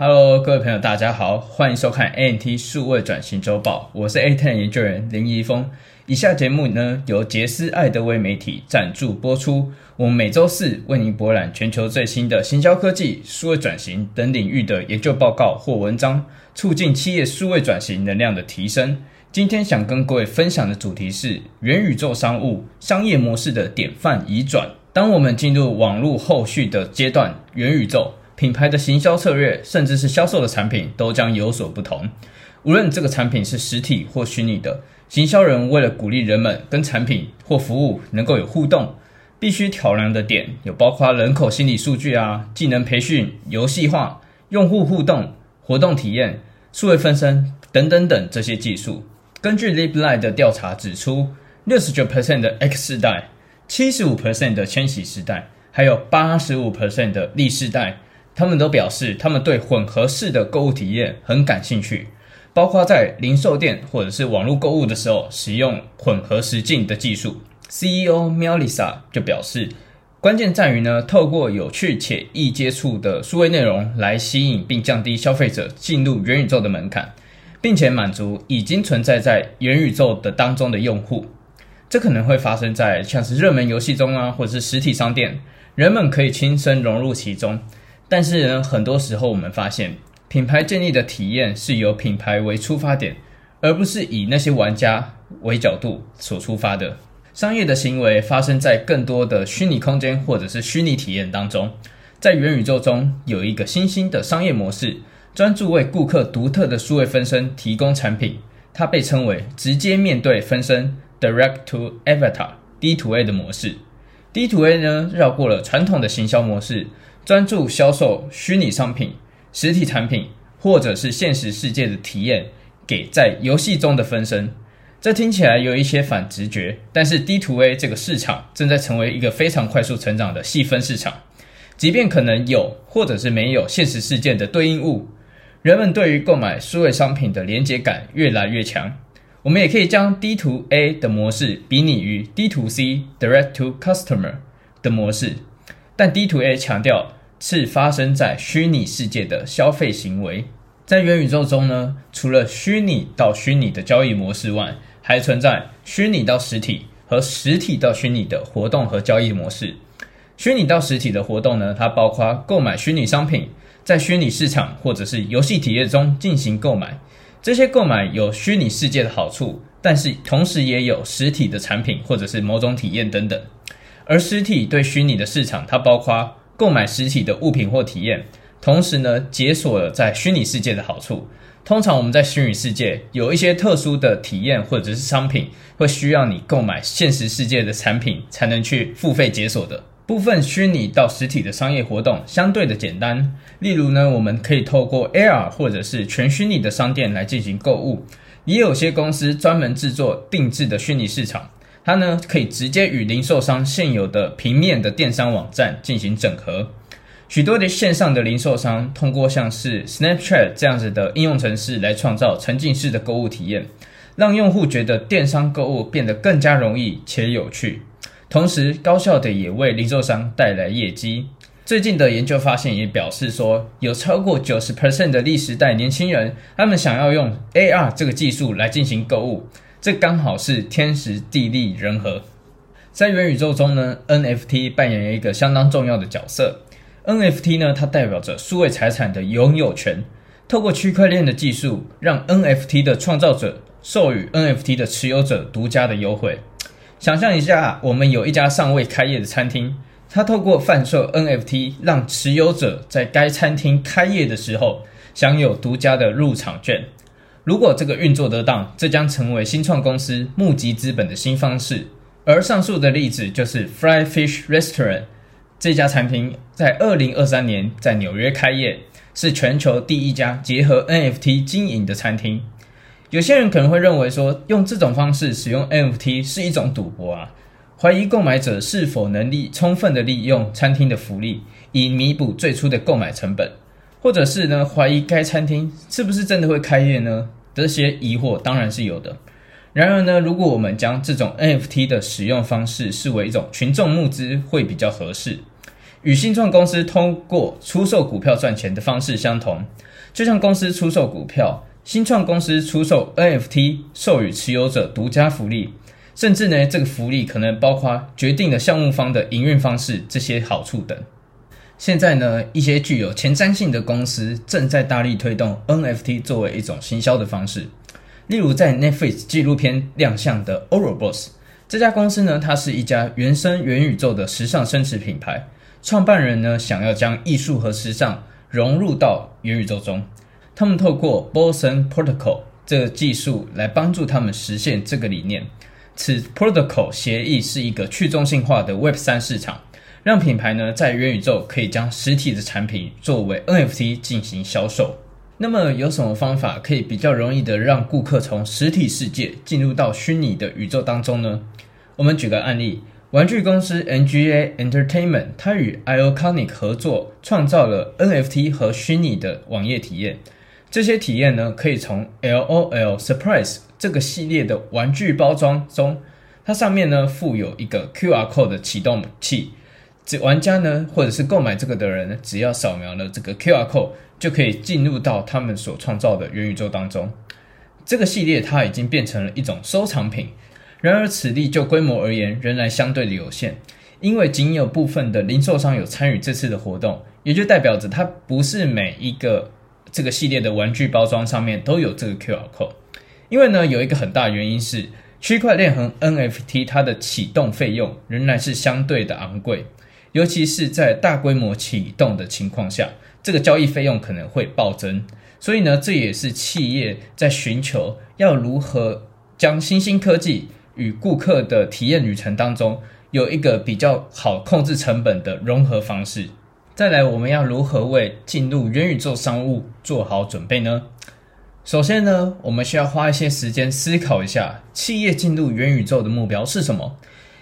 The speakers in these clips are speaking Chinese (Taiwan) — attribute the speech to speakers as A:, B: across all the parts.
A: 哈嘍，各位朋友，大家好，歡迎收看 AMT 數位轉型週報。我是 AMT 研究員林怡峰。以下節目呢，由傑斯愛德威媒體贊助播出。我們每周四為您博覽全球最新的行銷科技、數位轉型等領域的研究報告或文章，促進企業數位轉型能量的提升。今天想跟各位分享的主題是元宇宙商務商業模式的典範移轉。當我們進入網絡後續的階段，元宇宙。品牌的行銷策略，甚至是銷售的產品，都將有所不同。無論這個產品是實體或虛擬的，行銷人為了鼓勵人們跟產品或服務能夠有互動，必須考量的點有包括人口心理數據啊、技能培訓、遊戲化、用戶互動、活動體驗、數位分身等等等這些技術。根據 Leapline 的調查指出，六十九 percent 的 X 世代，七十五 percent 的千禧世代，還有八十五 percent 的 Z 世代，他們都表示，他們對混合式的購物體驗很感興趣，包括在零售店或者是網絡購物的時候使用混合實境的技術。CEO Melisa 就表示，關鍵在於呢，透過有趣且易接觸的數位內容來吸引並降低消費者進入元宇宙的門檻，並且滿足已經存在在元宇宙的當中的用戶。這可能會發生在像是熱門遊戲中啊，或者是實體商店，人們可以親身融入其中。但是呢，很多時候我們發現，品牌建立的體驗是由品牌為出發點，而不是以那些玩家為角度所出發的。商業的行為發生在更多的虛擬空間或者是虛擬體驗當中。在元宇宙中，有一個新興的商業模式，專注為顧客獨特的數位分身提供產品，它被稱為直接面對分身 （Direct to Avatar，D2A） 的模式。D2A 呢繞過了傳統的行銷模式，專注銷售虛擬商品、實體產品或者是現實世界的體驗給在遊戲中的分身。這聽起來有一些反直覺，但是 D2A 這個市場正在成為一個非常快速成長的細分市場。即便可能有或者是沒有現實世界的對應物，人們對於購買數位商品的連結感越來越強。我們也可以將 D two A 的模式比擬於 D two C Direct to Customer 的模式，但 D two A 強調是發生在虛擬世界的消費行為。在元宇宙中呢，除了虛擬到虛擬的交易模式外，還存在虛擬到實體和實體到虛擬的活動和交易模式。虛擬到實體的活動呢，它包括購買虛擬商品，在虛擬市場或者是遊戲體驗中進行購買。這些購買有虛擬世界的好處，但是同時也有實體的產品或者是某種體驗等等。而實體對虛擬的市場，它包括購買實體的物品或體驗，同時呢，解鎖了在虛擬世界的好處。通常我們在虛擬世界有一些特殊的體驗或者是商品，會需要你購買現實世界的產品才能去付費解鎖的。部分虛擬到實體的商業活動相對的簡單，例如呢，我們可以透過 AR 或者是全虛擬的商店來進行購物，也有些公司專門製作定制的虛擬市場，它呢可以直接與零售商現有的平面的電商網站進行整合。許多的線上的零售商通過像是 Snapchat 這樣子的應用程式來創造沉浸式的購物體驗，讓用戶覺得電商購物變得更加容易且有趣。同時，高效的也為零售商帶來業績。最近的研究發現也表示說，有超過九十 percent 的 Z 世代年輕人，他們想要用 AR 這個技術來進行購物，這剛好是天時地利人和。在元宇宙中呢，NFT 扮演了一個相當重要的角色。NFT 呢，它代表着數位財產的擁有權，透過區塊鏈的技術，讓 NFT 的創造者授予 NFT 的持有者獨家的優惠。想象一下，我們有一家尚未開業的餐廳，它透過販售 NFT，讓持有者在該餐廳開業的時候享有獨家的入場券。如果這個運作得當，這將成為新創公司募集資本的新方式。而上述的例子就是 Flyfish Restaurant 這家餐廳，在2023年在紐約開業，是全球第一家結合 NFT 經營的餐廳。有些人可能會認為說，用這種方式使用 NFT 是一種賭博啊，懷疑購買者是否能力充分地利用餐廳的福利以彌補最初的購買成本，或者是呢，懷疑該餐廳是不是真的會開業呢？這些疑惑當然是有的。然而呢，如果我們將這種 NFT 的使用方式視為一種群眾募資，會比較合適，與新創公司通過出售股票賺錢的方式相同，就像公司出售股票。新創公司出售 NFT，授予持有者獨家福利，甚至呢，這個福利可能包括決定的項目方的營運方式這些好處等。現在呢，一些具有前瞻性的公司正在大力推動 NFT 作為一種行銷的方式。例如，在 Netflix 紀錄片亮相的 Orbos 這家公司呢，它是一家原生元宇宙的時尚生侈品牌，創辦人呢想要將藝術和時尚融入到元宇宙中。他們透過 Bolson Protocol 這個技術來幫助他們實現這個理念。此 Protocol 協議是一個去中心化的 Web 3市場，讓品牌呢在元宇宙可以將實體的產品作為 NFT 進行銷售。那麼有什麼方法可以比較容易的讓顧客從實體世界進入到虛擬的宇宙當中呢？我們舉個案例，玩具公司 NGA Entertainment 它與 IoConic 合作，創造了 NFT 和虛擬的網頁體驗。這些體驗呢，可以從 L.O.L. Surprise 這個系列的玩具包裝中，它上面呢附有一個 QR Code 的啟動器。這玩家呢，或者是購買這個的人呢，只要掃描了這個 QR Code，就可以進入到他們所創造的元宇宙當中。這個系列它已經變成了一種收藏品。然而，此地就規模而言，仍然相對的有限，因為僅有部分的零售商有參與這次的活動，也就代表着它不是每一個。這個系列的玩具包裝上面都有這個 QR code，因為呢，有一個很大原因是區塊鏈和 NFT 它的啟動費用仍然是相對的昂貴，尤其是在大規模啟動的情況下，這個交易費用可能會暴增。所以呢，這也是企業在尋求要如何將新興科技與顧客的體驗旅程當中有一個比較好控制成本的融合方式。再來，我們要如何為進入元宇宙商務做好準備呢？首先呢，我們需要花一些時間思考一下，企業進入元宇宙的目標是什麼？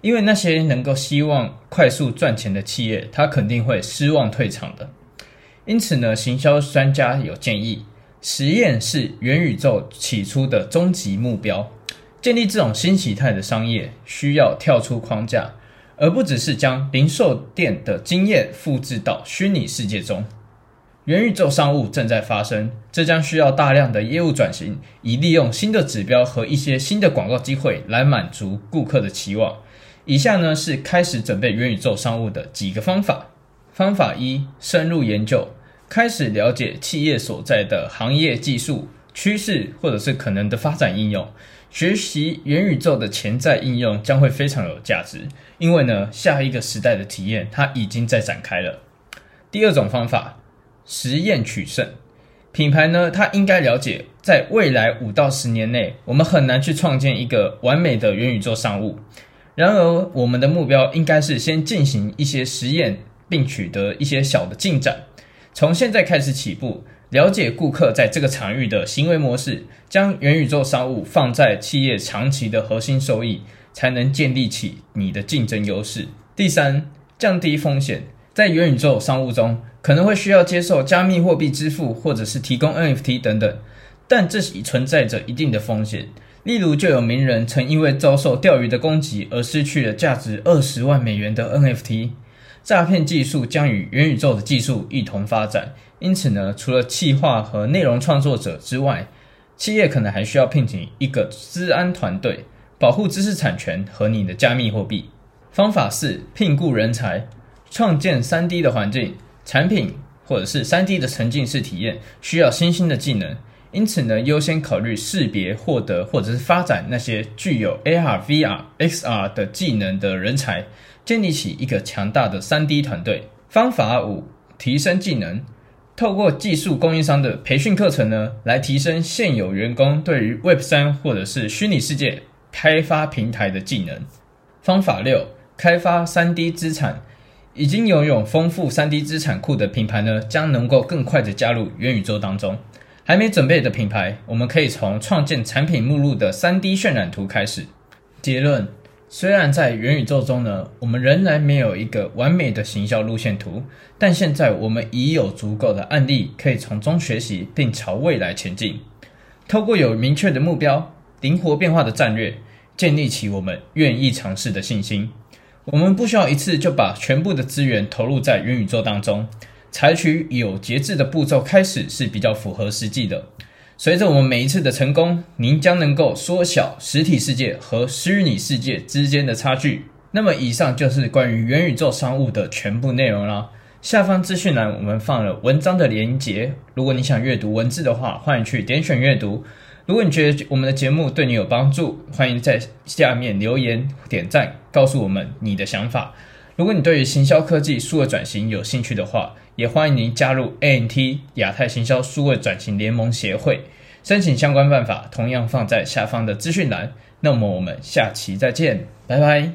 A: 因為那些能夠希望快速賺錢的企業，他肯定會失望退場的。因此呢，行銷專家有建議，實驗是元宇宙起初的終極目標。建立這種新形態的商業，需要跳出框架。而不只是將零售店的經驗複製到虛擬世界中，元宇宙商務正在發生，這將需要大量的業務轉型，以利用新的指標和一些新的廣告機會來滿足顧客的期望。以下呢，是開始準備元宇宙商務的幾個方法。方法一：深入研究，開始了解企業所在的行業技術趨勢，或者是可能的發展應用。學習元宇宙的潛在應用將會非常有價值。因為呢，下一個時代的體驗它已經在展開了。第二種方法，實驗取勝。品牌呢，它應該了解，在未來五到十年內，我們很難去創建一個完美的元宇宙商務。然而，我們的目標應該是先進行一些實驗，並取得一些小的進展。從現在開始起步。了解顧客在這個場域的行為模式，將元宇宙商務放在企業長期的核心收益，才能建立起你的競爭優勢。第三，降低風險。在元宇宙商務中，可能會需要接受加密貨幣支付，或者是提供 NFT 等等，但這已存在着一定的風險。例如，就有名人曾因為遭受釣魚的攻擊而失去了價值二十萬美元的 NFT。詐騙技術將與元宇宙的技術一同發展，因此呢，除了企劃和內容創作者之外，企業可能還需要聘請一個資安團隊，保護知識產權和你的加密貨幣。方法是聘僱人才，創建 3D 的環境產品，或者是 3D 的沉浸式體驗，需要新興的技能，因此呢，優先考慮識別、獲得或者是發展那些具有 AR、VR、XR 的技能的人才。建立起一個強大的 3D 團隊。方法五：提升技能，透過技術供應商的培訓課程呢，來提升現有員工對於 Web3 或者是虛擬世界開發平台的技能。方法六：開發 3D 資產，已經擁有豐富 3D 資產庫的品牌呢，將能夠更快地加入元宇宙當中。還沒準備的品牌，我們可以從創建產品目錄的 3D 渲染圖開始。結論。雖然在元宇宙中呢，我們仍然沒有一個完美的行銷路線圖，但現在我們已有足夠的案例可以從中學習，並朝未來前進。透過有明確的目標、靈活變化的戰略，建立起我們願意嘗試的信心。我們不需要一次就把全部的資源投入在元宇宙當中，採取有節制的步驟開始是比較符合實際的。隨着我們每一次的成功，您將能夠縮小實體世界和虛擬世界之間的差距。那麼，以上就是關於元宇宙商務的全部內容啦。下方資訊欄我們放了文章的連結，如果你想閱讀文字的話，歡迎去點選閱讀。如果你覺得我們的節目對你有幫助，歡迎在下面留言點讚，告訴我們你的想法。如果你對於行銷科技、數位轉型有興趣的話，也歡迎您加入 AMT 亞太行銷數位轉型聯盟協會，申請相關辦法同樣放在下方的資訊欄。那麼我們下期再見，拜拜。